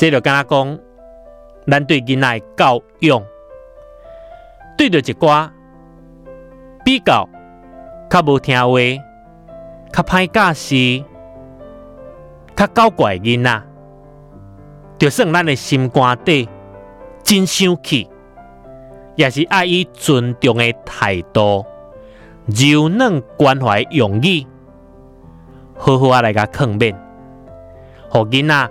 這就敢若講，咱對囡仔教育，對着一寡比較較無聽話、較歹教示、較搞怪嘅囡仔，就算咱嘅心肝底真生氣，也是愛以尊重嘅態度、柔軟關懷用、用語，好好啊來甲勸勉，互囡仔。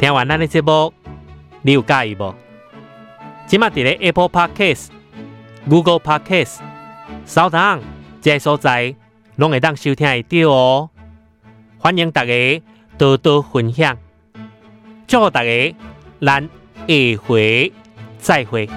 聽完咱的節目，你有介意冇？現在在 Apple Podcast、Google Podcast、SoundOn 這些所在，攏會當收聽得到哦。歡迎大家多多分享，祝大家，咱下回再會。